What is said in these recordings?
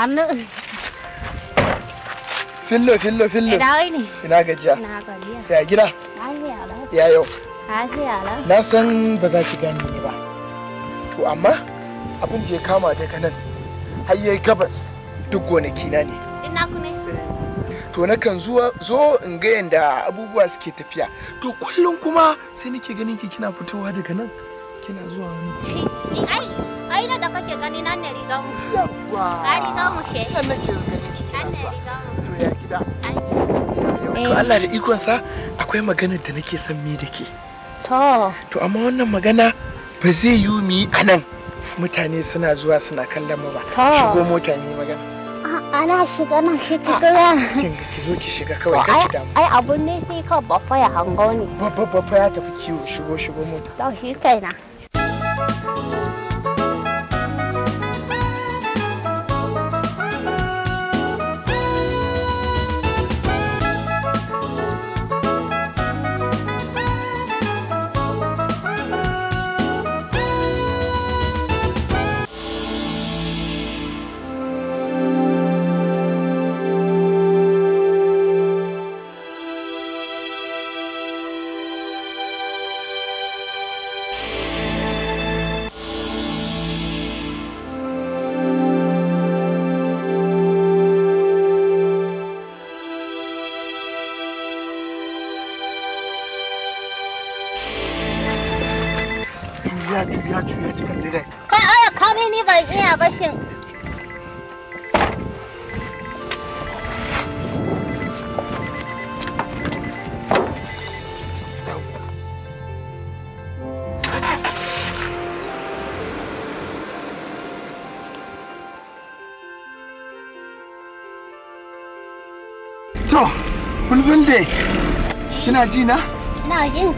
Hannu. Fillo fillo fillo. Ina gajiya. Ya gida? Ya yau. Na san ba za ki gane ni ba. To amma abin da ya kama daga nan har yayi gabas duk gonaki na ne. Ina ku ne? To na kan zuwa zo in ga yanda abubuwa suke tafiya. To kullum kuma sai nake ganin ki kina fitowa daga nan. Kina zuwa wani. Ai, ai da kake gani nan ne mu. To Allah da ikonsa akwai magana da nake son mi da ke. To amma wannan magana ba zai yi mu yi a nan mutane suna zuwa suna kallon mu ba. Shigo mota ne magana. Ana shiga nan shi ta gaya. Kinga ki zo ki shiga kawai kan ki damu. Ai abun ne sai kawai babba ya hango ne. Babba babba ya tafi kiwo shigo shigo mota. To shi na. ana bashin To, bulbul kina ji na? Na jin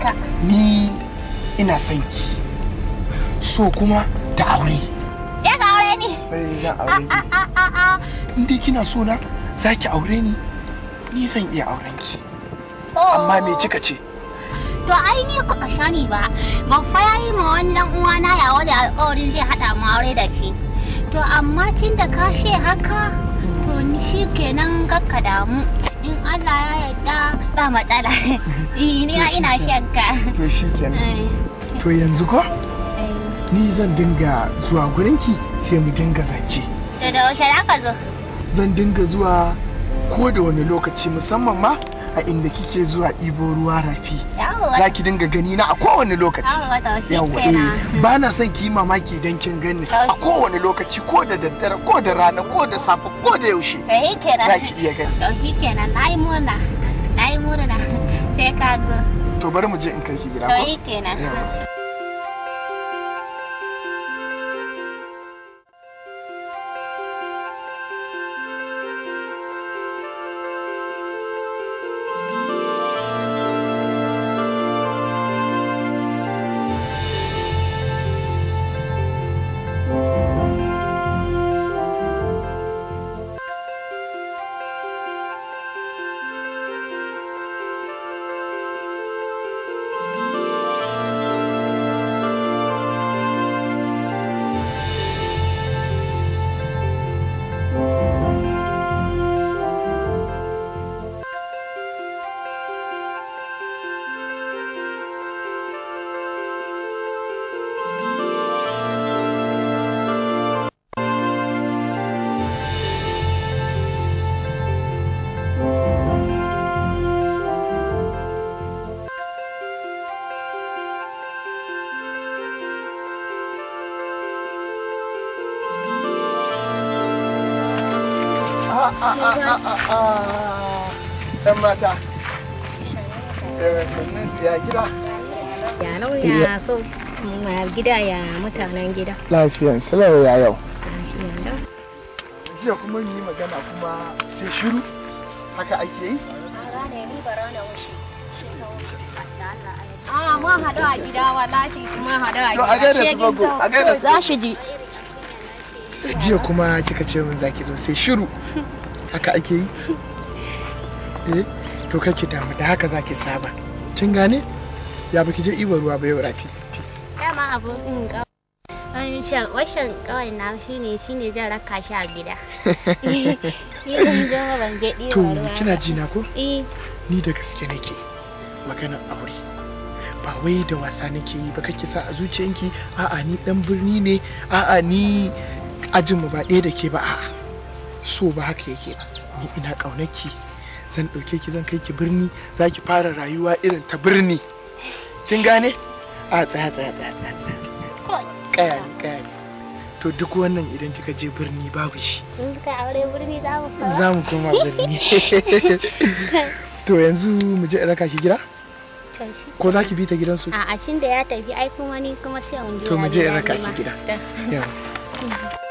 Ni ina son ki. So kuma da aure. zan aure ni? in dai kina so na zaki aure ni ni zan iya auren ki amma me kika ce to ai ni ku shani ba ba fa yayi ma wannan uwana ya wani alƙawarin zai hada mu aure da ke to amma tun da ka she haka to ni shi kenan kakka damu in Allah ya yarda ba matsala ni ina shanka to shi kenan eh. to yanzu ko ni zan dinga zuwa gurinki sai mu dinga zance da da wace ka zo zan dinga zuwa ko da wani lokaci musamman ma a inda kike zuwa Ibo ruwa rafi za ki dinga gani na a kowane lokaci yawa eh ba na son ki mamaki dan kin gani a kowane lokaci ko da daddare ko da rana ko da safe ko da yaushe za ki iya gani to shi kenan nayi yi murna na yi murna sai ka zo to bari mu je in kai ki gida ko shi kenan mata eh, ya gida ya so gida ya mutanen gida lafiyan yau jiya kuma yi magana kuma sai shiru haka ake yi a ah, mun a gida wallahi mun a gida. Za shi ji. Jiya kuma kika ce min zaki zo sai shiru. Haka ake yi? Eh? to kake damu da haka zaki saba kin gane ya baki je ibar ruwa ba yau rafi dama abu in ga washan kawai na shine shine zan raka shi a gida ni zan je ban je ibar to kina ji na ko eh ni da gaske nake magana aure ba wai da wasa nake yi ba kake sa a zuciyanki a'a ni dan birni ne a'a ni ajin mu ba ɗaya da ke ba a'a so ba haka yake ba ni ina ƙaunarki zan ɗauke ki zan kai ki birni za ki fara rayuwa irin ta birni kin gane a tsaya tsaya tsaya tsaya kaya ne kaya ne to duk wannan idan kika je birni babu shi kai aure birni za mu koma za mu koma birni to yanzu mu je raka ki gida ko za ki bi ta gidansu a'a shin da ya tafi ai kuma ni kuma sai mu je to mu je raka ki gida yawa mm.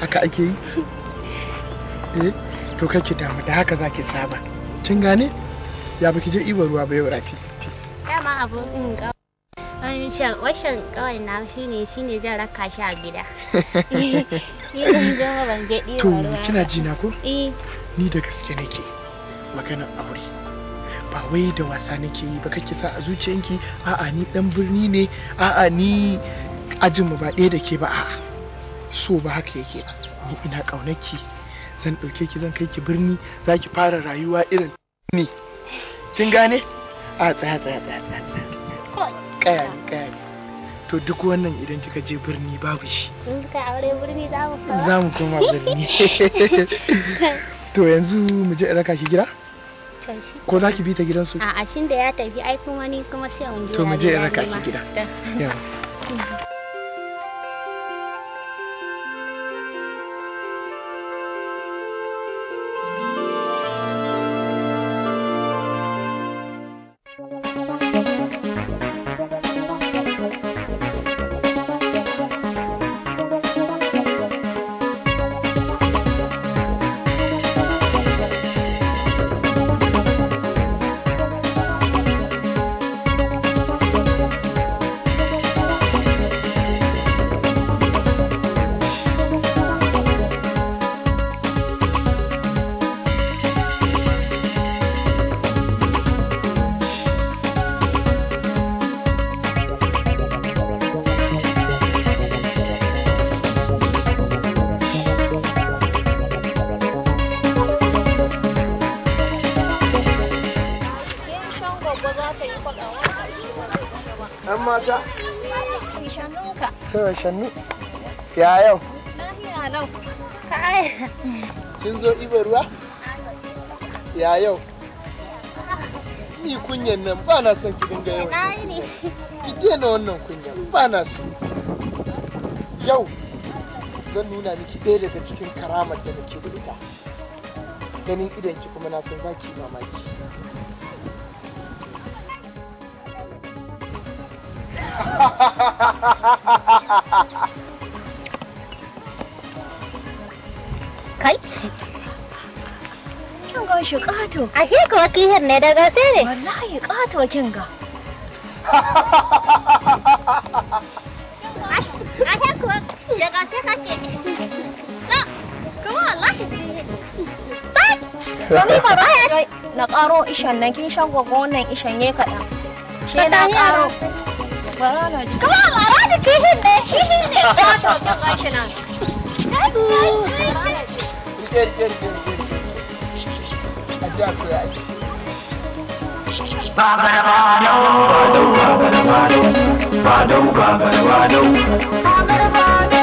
haka ake yi eh to kake damu da haka zaki saba kin gane ya baki je ibar ruwa ba yau rafi dama abokin kawai washan kawai na shine shine zan raka shi a gida to kina ji na ko eh. ni da gaske nake magana aure ba wai da wasa nake yi ba kake sa a zuciyanki a'a ni dan birni ne a'a ni ajin mu ba ɗaya da ke ba a'a so ba haka yake ba ni ina ƙaunarki zan ɗauke ki zan kai ki birni za ki fara rayuwa irin ni kin gane a tsaya tsaya tsaya tsaya tsaya kaya ne kaya ne to duk wannan idan kika je birni babu shi in ka aure birni za mu koma za mu koma birni to yanzu mu je raka ki gida ko za ki bi ta gidansu a'a shin da ya tafi ai kuma ni kuma sai wani to mu je raka ki gida yawa mm-hmm. mata to shannu ya yau kin zo iba ruwa ya yau ni kunyan nan ba na son ki dinga yawan yau ki daina wannan kunyan ba na so yau zan nuna miki ɗaya daga cikin karamar da nake da ita ganin idan ki kuma na san zaki mamaki hiểu có はい kin ga shi ƙato a shi kuwa kihin ne daga sai ne wallahi ƙato kin ga a shi kuwa daga sai kake na kuma wallahi Domin ba ba na ƙaro ishan nan kin shan gwagwa wannan ishan ya kaɗan. Shi na ƙaro. var halacığım? Kıvam var hadi kihinle, kihinle. Rahat ol kız Ayşenan. Gel, gel, gel. Gel, gel, gel. Acı asuya. Bagara bado, bado, bagara bado, bado, bagara bado,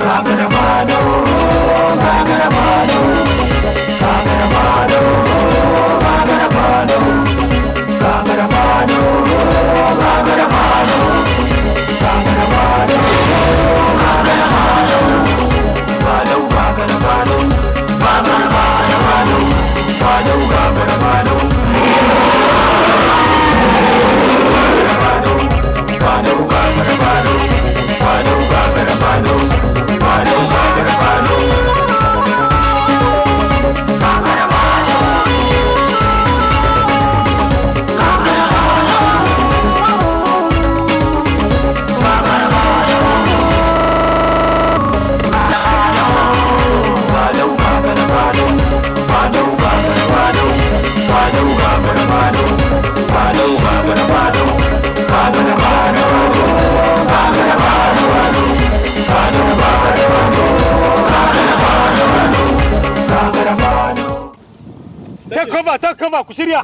bagara bado, bagara وسوريا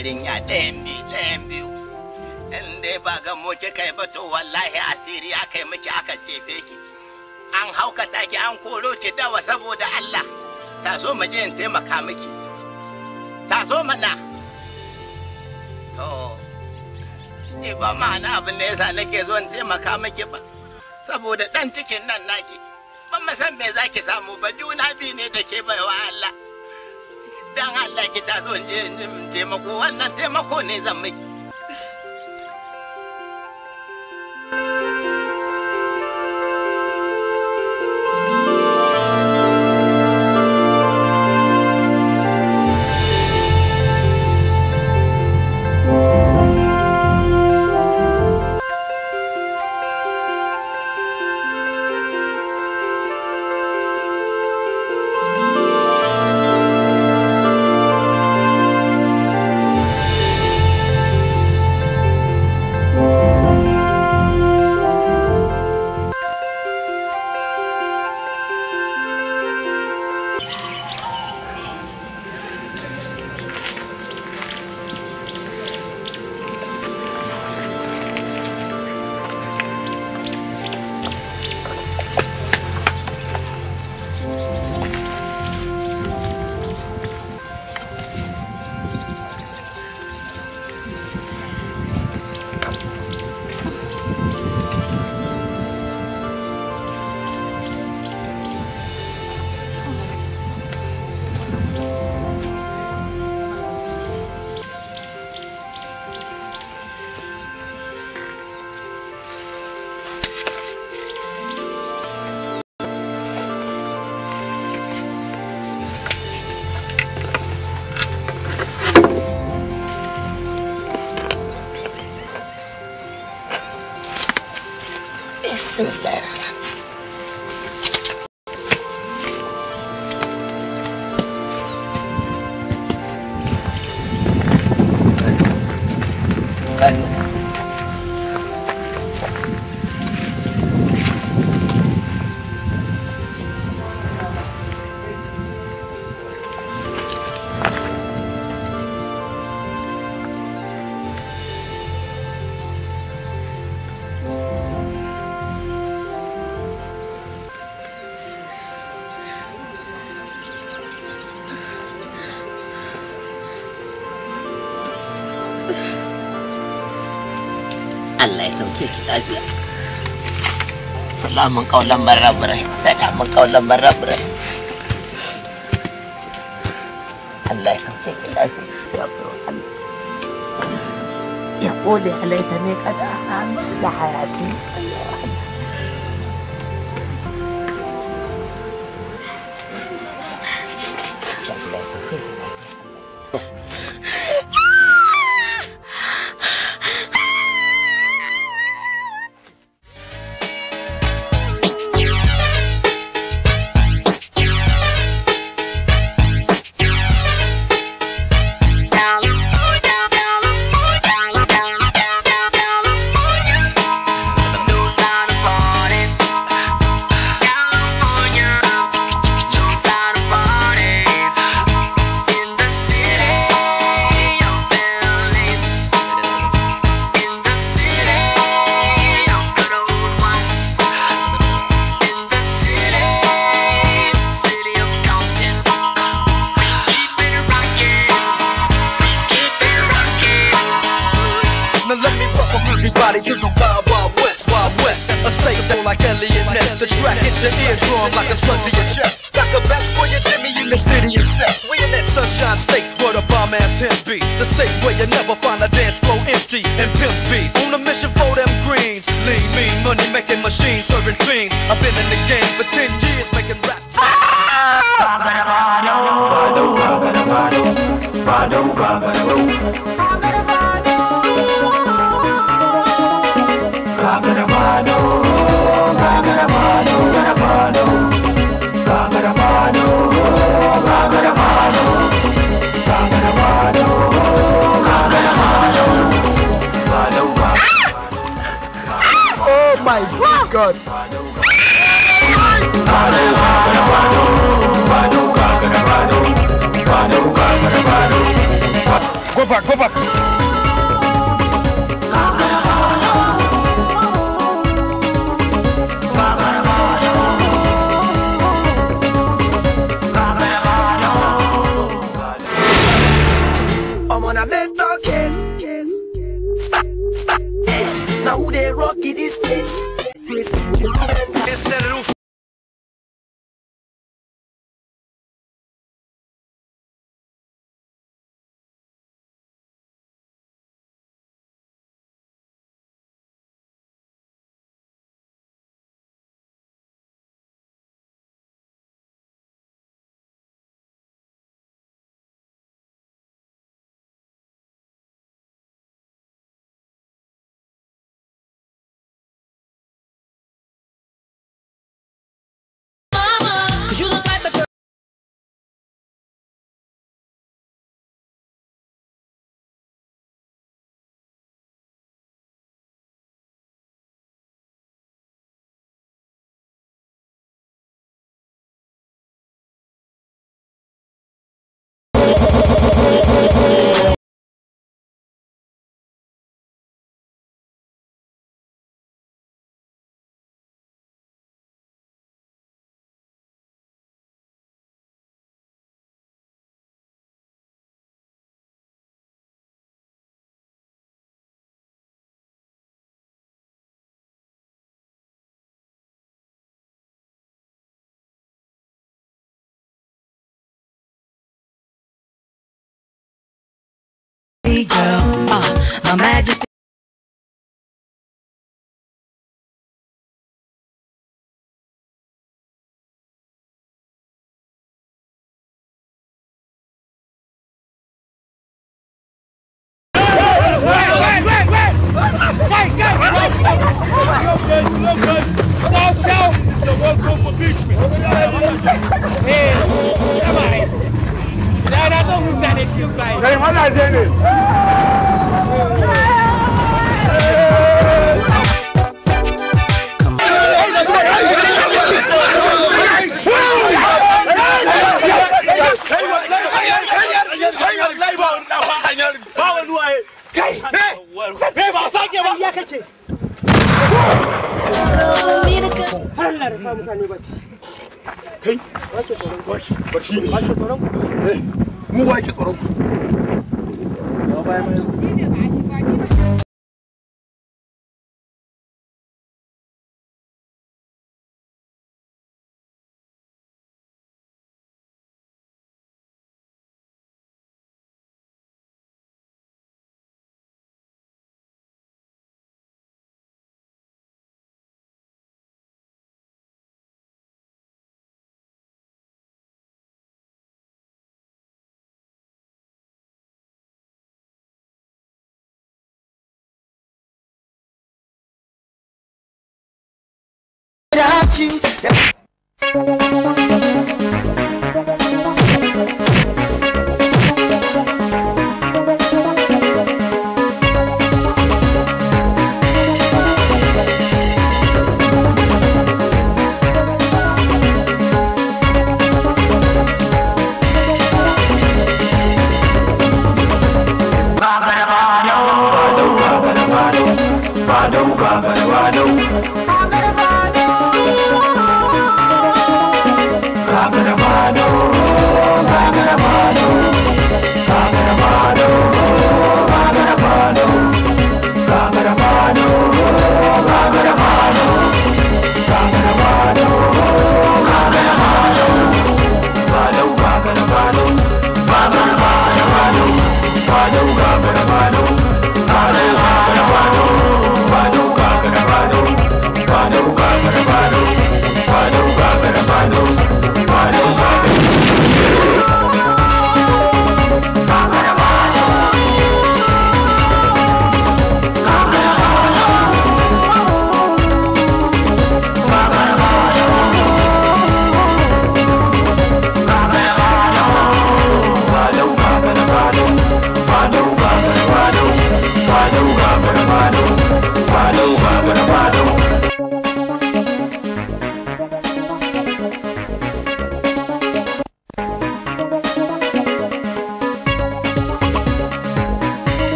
yarinya ɗayan biyu ɗayan biyu in dai ba ga moke kai ba to wallahi asiri aka yi miki aka jefe ki an haukata ki an koro ki dawa saboda Allah ta so mu je in taimaka miki ta so mana to ni ba ma'ana abin da yasa nake zo in taimaka miki ba saboda dan cikin nan naki ban san me zaki samu ba juna biyu ne da ke baiwa Allah dan Allah ki taso in je in taimako wannan taimako ne zan miki sınıflara. Thank you. سلام قولا من رب رحيم سلام قولا من رب رحيم الله يسامحك الله يسامحك يا ابو يقول علي ذنبك قد أعمل حياتي Opa! Now, now is Hey! ba sake kai waki barci ne wake tsoron ku eh, mu wake tsoron ku you.